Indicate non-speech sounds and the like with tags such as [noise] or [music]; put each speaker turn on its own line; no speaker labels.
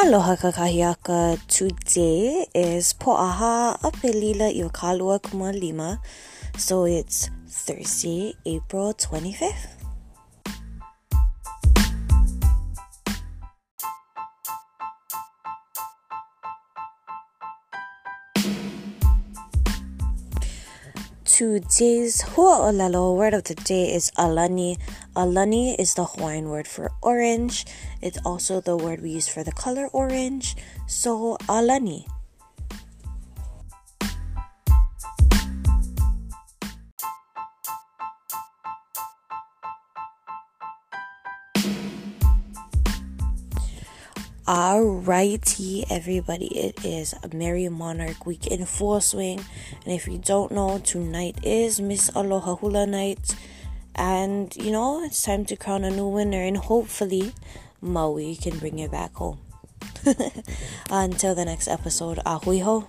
Aloha kakahiaka. Today is Po'aha Apelila Iokalua Kuma Lima. So it's Thursday, April 25th. Today's hua'olalo word of the day is alani. Alani is the Hawaiian word for orange. It's also the word we use for the color orange. So alani. Alrighty, everybody, it is Merry Monarch Week in full swing. And if you don't know, tonight is Miss Aloha Hula Night. And you know, it's time to crown a new winner, and hopefully, Maui can bring it back home. [laughs] Until the next episode, ahui ho.